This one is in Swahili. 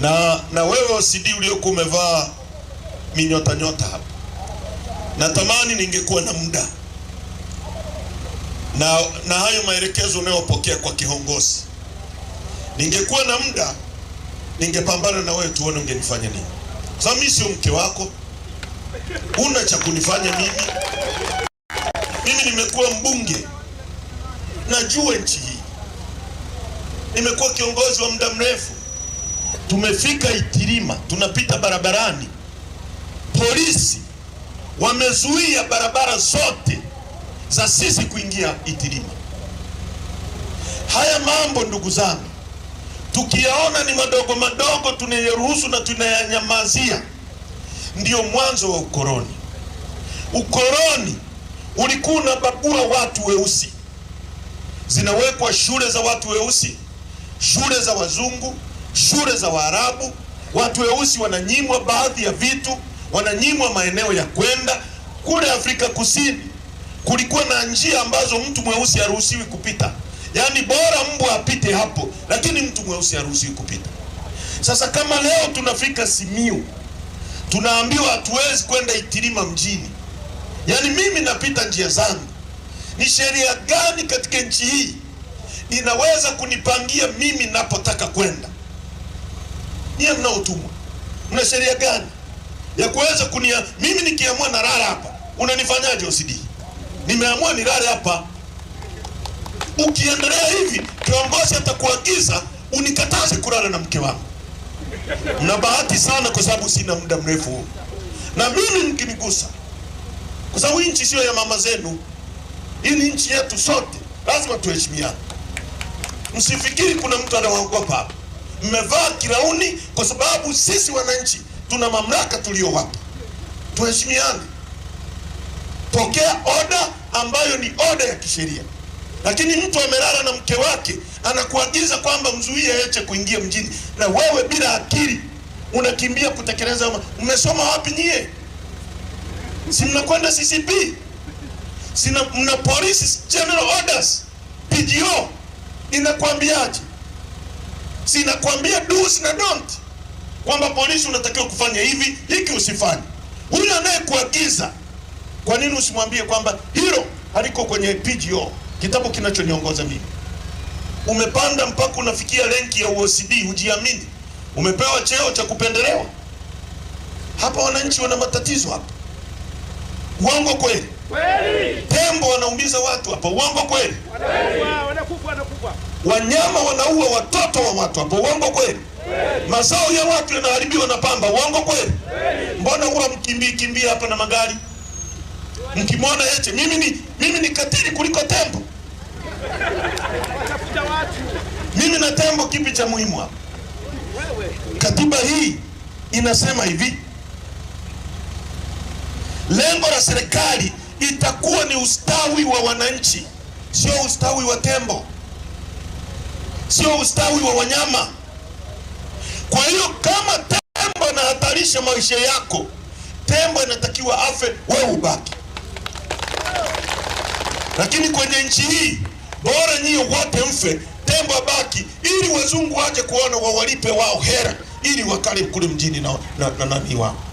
na, na wewe OCD uliokuwa umevaa minyota nyota hapa, natamani ningekuwa na muda na, na hayo maelekezo unayopokea kwa kiongozi, ningekuwa na muda ningepambana na wewe tuone ungenifanya nini, kwa sababu mimi sio mke wako, una cha kunifanya mimi. Mimi nimekuwa mbunge, najua nchi hii, nimekuwa kiongozi wa muda mrefu Tumefika Itilima, tunapita barabarani, polisi wamezuia barabara zote za sisi kuingia Itilima. Haya mambo ndugu zangu, tukiyaona ni madogo madogo, tunayaruhusu na tunayanyamazia, ndiyo mwanzo wa ukoloni. Ukoloni ulikuwa unabagua watu weusi, zinawekwa shule za watu weusi, shule za wazungu shule za Waarabu, watu weusi wananyimwa baadhi ya vitu, wananyimwa maeneo ya kwenda. Kule Afrika Kusini kulikuwa na njia ambazo mtu mweusi haruhusiwi kupita, yaani bora mbwa apite hapo, lakini mtu mweusi haruhusiwi kupita. Sasa kama leo tunafika Simiu tunaambiwa hatuwezi kwenda Itilima mjini, yaani mimi napita njia zangu. Ni sheria gani katika nchi hii inaweza kunipangia mimi napotaka kwenda? Nyie mnaotumwa mna sheria gani ya kuweza kunia? Mimi nikiamua nalala hapa, unanifanyaje OCD? Nimeamua nilale hapa. Ukiendelea hivi, kiongozi atakuagiza unikataze kulala na mke wangu. na bahati sana, kwa sababu sina muda mrefu na mimi mkinigusa, kwa sababu hii nchi sio ya mama zenu, hii ni nchi yetu sote, lazima tuheshimiane. Msifikiri kuna mtu anawaogopa hapa mmevaa kirauni, kwa sababu sisi wananchi tuna mamlaka wapa. Tuheshimiane, pokea oda ambayo ni oda ya kisheria. Lakini mtu amelala na mke wake anakuagiza kwamba mzuie Heche kuingia mjini, na wewe bila akili unakimbia kutekeleza. Mmesoma wapi nyie? Si mnakwenda CCP? Si mna police general orders, PGO inakwambiaje? sinakwambia do's na don't, kwamba polisi unatakiwa kufanya hivi, hiki usifanye. Huyo anayekuagiza kwa nini usimwambie kwamba hilo haliko kwenye PGO, kitabu kinachoniongoza mimi? Umepanda mpaka unafikia renki ya OCD, hujiamini, umepewa cheo cha kupendelewa. Hapa wananchi wana matatizo hapa. Uongo kweli? Kweli. Tembo wanaumiza watu hapa. Uongo kweli? Kweli. Wanakufa, wanakufa. Wanyama wanaua watoto wa watu, hapo uongo kweli? Mazao ya watu yanaharibiwa na pamba, uongo kweli? Mbona huwa mkimbii kimbia hapa na magari mkimwona Heche? Mimi ni mimi ni katili kuliko tembo? Mimi na tembo, kipi cha muhimu hapa? Katiba hii inasema hivi, lengo la serikali itakuwa ni ustawi wa wananchi, sio ustawi wa tembo sio ustawi wa wanyama. Kwa hiyo kama tembo anahatarisha maisha yako, tembo inatakiwa afe, wewe ubaki. Lakini kwenye nchi hii bora nyie wote mfe, tembo abaki, ili wazungu waje kuona wawalipe wao hera, ili wakale kule mjini na nani wao.